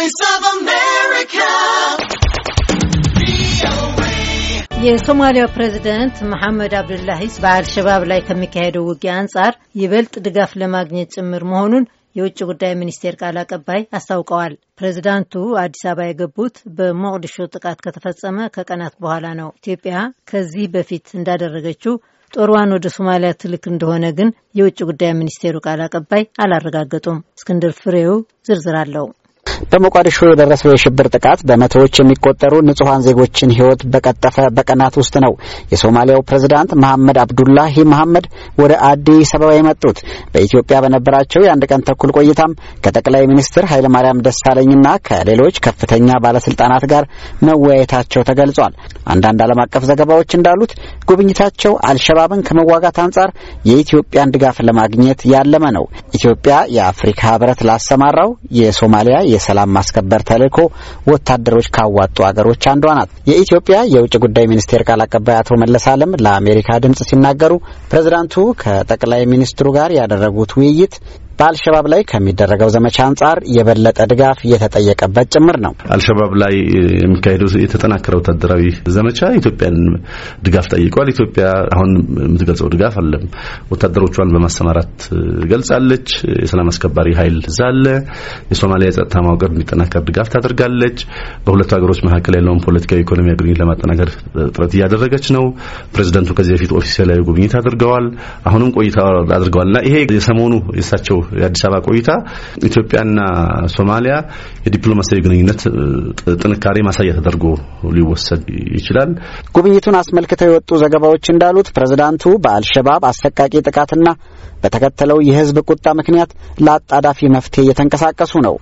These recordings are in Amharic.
Voice of America. የሶማሊያው ፕሬዚደንት መሐመድ አብዱላሂስ በአልሸባብ ላይ ከሚካሄደው ውጊያ አንጻር ይበልጥ ድጋፍ ለማግኘት ጭምር መሆኑን የውጭ ጉዳይ ሚኒስቴር ቃል አቀባይ አስታውቀዋል። ፕሬዚዳንቱ አዲስ አበባ የገቡት በሞቅዲሾ ጥቃት ከተፈጸመ ከቀናት በኋላ ነው። ኢትዮጵያ ከዚህ በፊት እንዳደረገችው ጦርዋን ወደ ሶማሊያ ትልክ እንደሆነ ግን የውጭ ጉዳይ ሚኒስቴሩ ቃል አቀባይ አላረጋገጡም። እስክንድር ፍሬው ዝርዝር አለው። በሞቃዲሾ የደረሰው የሽብር ጥቃት በመቶዎች የሚቆጠሩ ንጹሐን ዜጎችን ሕይወት በቀጠፈ በቀናት ውስጥ ነው የሶማሊያው ፕሬዝዳንት መሐመድ አብዱላሂ መሐመድ ወደ አዲስ አበባ የመጡት። በኢትዮጵያ በነበራቸው የአንድ ቀን ተኩል ቆይታም ከጠቅላይ ሚኒስትር ኃይለማርያም ደሳለኝና ከሌሎች ከፍተኛ ባለስልጣናት ጋር መወያየታቸው ተገልጿል። አንዳንድ ዓለም አቀፍ ዘገባዎች እንዳሉት ጉብኝታቸው አልሸባብን ከመዋጋት አንጻር የኢትዮጵያን ድጋፍ ለማግኘት ያለመ ነው። ኢትዮጵያ የአፍሪካ ህብረት ላሰማራው የሶማሊያ የሰላም ማስከበር ተልዕኮ ወታደሮች ካዋጡ አገሮች አንዷ ናት። የኢትዮጵያ የውጭ ጉዳይ ሚኒስቴር ቃል አቀባይ አቶ መለስ አለም ለአሜሪካ ድምጽ ሲናገሩ ፕሬዝዳንቱ ከጠቅላይ ሚኒስትሩ ጋር ያደረጉት ውይይት በአልሸባብ ላይ ከሚደረገው ዘመቻ አንጻር የበለጠ ድጋፍ እየተጠየቀበት ጭምር ነው። አልሸባብ ላይ የሚካሄደው የተጠናከረ ወታደራዊ ዘመቻ ኢትዮጵያን ድጋፍ ጠይቋል። ኢትዮጵያ አሁን የምትገልጸው ድጋፍ አለም። ወታደሮቿን በማሰማራት ገልጻለች። የሰላም አስከባሪ ኃይል ዛለ የሶማሊያ የጸጥታ ማውቀር እንዲጠናከር ድጋፍ ታደርጋለች። በሁለቱ ሀገሮች መካከል ያለውን ፖለቲካዊ ኢኮኖሚ ግንኙነት ለማጠናከር ጥረት እያደረገች ነው። ፕሬዚደንቱ ከዚህ በፊት ኦፊሴላዊ ጉብኝት አድርገዋል። አሁንም ቆይታ አድርገዋልና ይሄ የሰሞኑ የሳቸው የአዲስ አበባ ቆይታ ኢትዮጵያና ሶማሊያ የዲፕሎማሲያዊ ግንኙነት ጥንካሬ ማሳያ ተደርጎ ሊወሰድ ይችላል። ጉብኝቱን አስመልክተው የወጡ ዘገባዎች እንዳሉት ፕሬዝዳንቱ በአልሸባብ አሰቃቂ ጥቃትና በተከተለው የህዝብ ቁጣ ምክንያት ለአጣዳፊ መፍትሄ እየተንቀሳቀሱ ነው።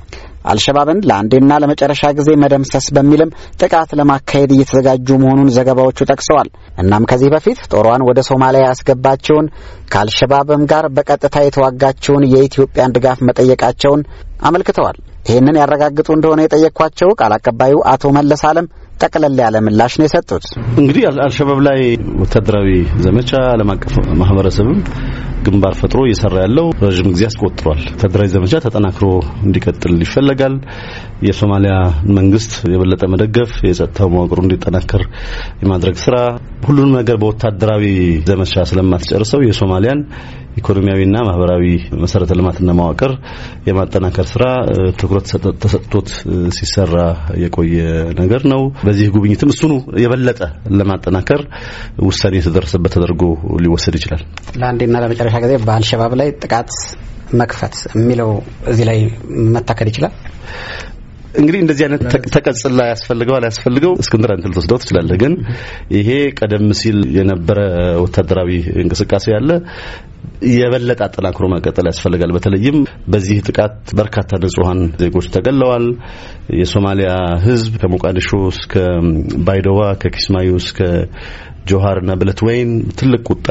አልሸባብን ለአንዴና ለመጨረሻ ጊዜ መደምሰስ በሚልም ጥቃት ለማካሄድ እየተዘጋጁ መሆኑን ዘገባዎቹ ጠቅሰዋል። እናም ከዚህ በፊት ጦሯን ወደ ሶማሊያ ያስገባቸውን ከአልሸባብም ጋር በቀጥታ የተዋጋቸውን የኢትዮጵያን ድጋፍ መጠየቃቸውን አመልክተዋል። ይህንን ያረጋግጡ እንደሆነ የጠየቅኳቸው ቃል አቀባዩ አቶ መለስ አለም ጠቅለል ያለ ምላሽ ነው የሰጡት። እንግዲህ አልሸባብ ላይ ወታደራዊ ዘመቻ ዓለም አቀፍ ማህበረሰብም ግንባር ፈጥሮ እየሰራ ያለው ረዥም ጊዜ አስቆጥሯል። ወታደራዊ ዘመቻ ተጠናክሮ እንዲቀጥል ይፈለጋል። የሶማሊያ መንግስት የበለጠ መደገፍ፣ የጸጥታው መዋቅሩ እንዲጠናከር የማድረግ ስራ ሁሉንም ነገር በወታደራዊ ዘመቻ ስለማትጨርሰው የሶማሊያን ኢኮኖሚያዊና ማህበራዊ መሰረተ ልማትና መዋቅር የማጠናከር ስራ ትኩረት ተሰጥቶት ሲሰራ የቆየ ነገር ነው። በዚህ ጉብኝትም እሱኑ የበለጠ ለማጠናከር ውሳኔ የተደረሰበት ተደርጎ ሊወሰድ ይችላል። ለአንዴና ለመጨረሻ ጊዜ በአልሸባብ ላይ ጥቃት መክፈት የሚለው እዚህ ላይ መታከል ይችላል። እንግዲህ እንደዚህ አይነት ተቀጽላ ያስፈልገው አላስፈልገው እስክንድር አንተ ልትወስደው ትችላለህ። ግን ይሄ ቀደም ሲል የነበረ ወታደራዊ እንቅስቃሴ ያለ የበለጠ አጠናክሮ መቀጠል ያስፈልጋል። በተለይም በዚህ ጥቃት በርካታ ንጹሐን ዜጎች ተገለዋል። የሶማሊያ ሕዝብ ከሞቃዲሾ እስከ ባይዶዋ፣ ከኪስማዩ እስከ ጆሀርና ብለት ወይን ትልቅ ቁጣ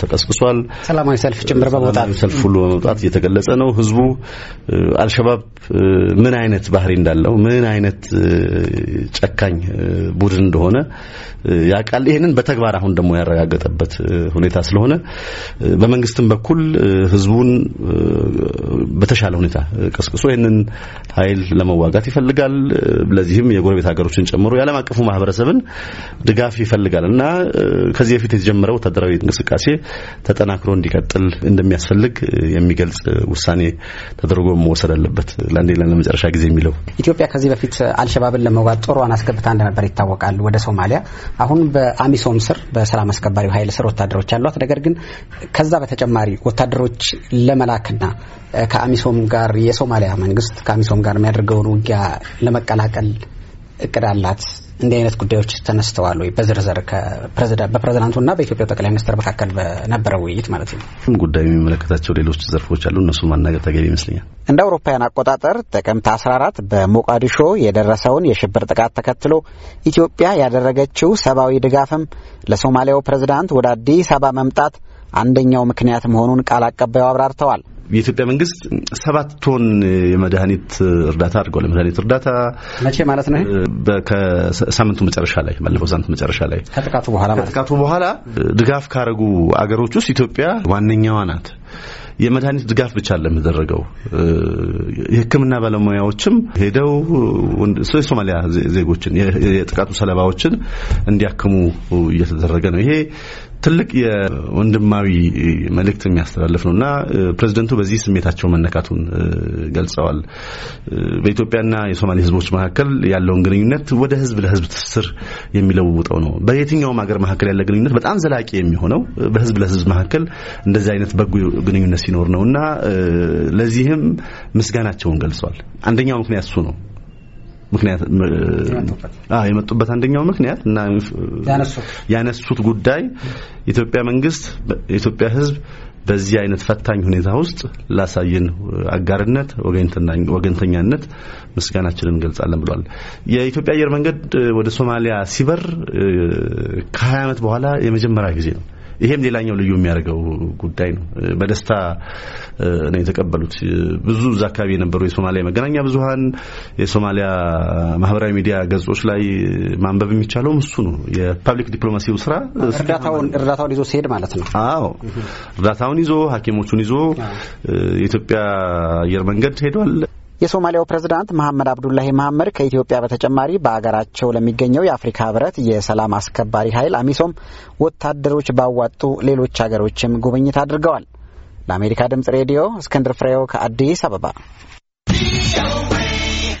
ተቀስቅሷል። ሰላማዊ ሰልፍ ጭምር በመውጣት ሰልፍ ሁሉ በመውጣት እየተገለጸ ነው። ህዝቡ አልሸባብ ምን አይነት ባህሪ እንዳለው ምን አይነት ጨካኝ ቡድን እንደሆነ ያውቃል። ይህንን በተግባር አሁን ደግሞ ያረጋገጠበት ሁኔታ ስለሆነ በመንግስትም በኩል ህዝቡን በተሻለ ሁኔታ ቀስቅሶ ይህንን ኃይል ለመዋጋት ይፈልጋል። ለዚህም የጎረቤት ሀገሮችን ጨምሮ የዓለም አቀፉ ማህበረሰብን ድጋፍ ይፈልጋል እና ከዚህ በፊት የተጀመረው ወታደራዊ እንቅስቃሴ ተጠናክሮ እንዲቀጥል እንደሚያስፈልግ የሚገልጽ ውሳኔ ተደርጎ መወሰድ አለበት። ለአንዴና ለመጨረሻ ጊዜ የሚለው ኢትዮጵያ ከዚህ በፊት አልሸባብን ለመውጋት ጦሯን አስገብታ እንደነበር ይታወቃል ወደ ሶማሊያ። አሁን በአሚሶም ስር በሰላም አስከባሪው ኃይል ስር ወታደሮች አሏት። ነገር ግን ከዛ በተጨማሪ ወታደሮች ለመላክና ከአሚሶም ጋር የሶማሊያ መንግስት ከአሚሶም ጋር የሚያደርገውን ውጊያ ለመቀላቀል እቅድ አላት። እንዲህ አይነት ጉዳዮች ተነስተዋል ወይ? በዝርዝር በፕሬዝዳንቱና በኢትዮጵያ ጠቅላይ ሚኒስትር መካከል በነበረው ውይይት ማለት ነው። ጉዳዩ የሚመለከታቸው ሌሎች ዘርፎች አሉ። እነሱ ማናገር ተገቢ ይመስለኛል። እንደ አውሮፓውያን አቆጣጠር ጥቅምት 14 በሞቃዲሾ የደረሰውን የሽብር ጥቃት ተከትሎ ኢትዮጵያ ያደረገችው ሰብአዊ ድጋፍም ለሶማሊያው ፕሬዝዳንት ወደ አዲስ አበባ መምጣት አንደኛው ምክንያት መሆኑን ቃል አቀባዩ አብራርተዋል። የኢትዮጵያ መንግስት ሰባት ቶን የመድኃኒት እርዳታ አድርጓል የመድኃኒት እርዳታ መቼ ማለት ነው? ከሳምንቱ መጨረሻ ላይ ባለፈው ሳምንት መጨረሻ ላይ ከጥቃቱ በኋላ ከጥቃቱ በኋላ ድጋፍ ካረጉ አገሮች ውስጥ ኢትዮጵያ ዋነኛዋ ናት። የመድኃኒት ድጋፍ ብቻ አለ የሚደረገው። የሕክምና ባለሙያዎችም ሄደው የሶማሊያ ዜጎችን የጥቃቱ ሰለባዎችን እንዲያክሙ እየተደረገ ነው። ይሄ ትልቅ የወንድማዊ መልእክት የሚያስተላልፍ ነው እና ፕሬዚደንቱ በዚህ ስሜታቸው መነካቱን ገልጸዋል። በኢትዮጵያና የሶማሌ ህዝቦች መካከል ያለውን ግንኙነት ወደ ህዝብ ለህዝብ ትስስር የሚለውጠው ነው። በየትኛውም ሀገር መካከል ያለ ግንኙነት በጣም ዘላቂ የሚሆነው በህዝብ ለህዝብ መካከል እንደዚህ አይነት በጎ ግንኙነት ሲኖር ነው እና ለዚህም ምስጋናቸውን ገልጸዋል። አንደኛው ምክንያት እሱ ነው። ምክንያት የመጡበት አንደኛው ምክንያት እና ያነሱት ጉዳይ ኢትዮጵያ መንግስት የኢትዮጵያ ህዝብ በዚህ አይነት ፈታኝ ሁኔታ ውስጥ ላሳየን አጋርነት፣ ወገንተኛነት ምስጋናችንን እንገልጻለን ብሏል። የኢትዮጵያ አየር መንገድ ወደ ሶማሊያ ሲበር ከ20 ዓመት በኋላ የመጀመሪያ ጊዜ ነው። ይሄም ሌላኛው ልዩ የሚያደርገው ጉዳይ ነው። በደስታ ነው የተቀበሉት። ብዙ እዛ አካባቢ የነበሩ የሶማሊያ መገናኛ ብዙሃን፣ የሶማሊያ ማህበራዊ ሚዲያ ገጾች ላይ ማንበብ የሚቻለውም እሱ ነው። የፐብሊክ ዲፕሎማሲው ስራ እርዳታውን ይዞ ሲሄድ ማለት ነው። አዎ እርዳታውን ይዞ ሐኪሞቹን ይዞ የኢትዮጵያ አየር መንገድ ሄዷል። የሶማሊያው ፕሬዝዳንት መሐመድ አብዱላሂ መሐመድ ከኢትዮጵያ በተጨማሪ በአገራቸው ለሚገኘው የአፍሪካ ህብረት የሰላም አስከባሪ ኃይል አሚሶም ወታደሮች ባዋጡ ሌሎች ሀገሮችም ጉብኝት አድርገዋል። ለአሜሪካ ድምጽ ሬዲዮ እስክንድር ፍሬው ከአዲስ አበባ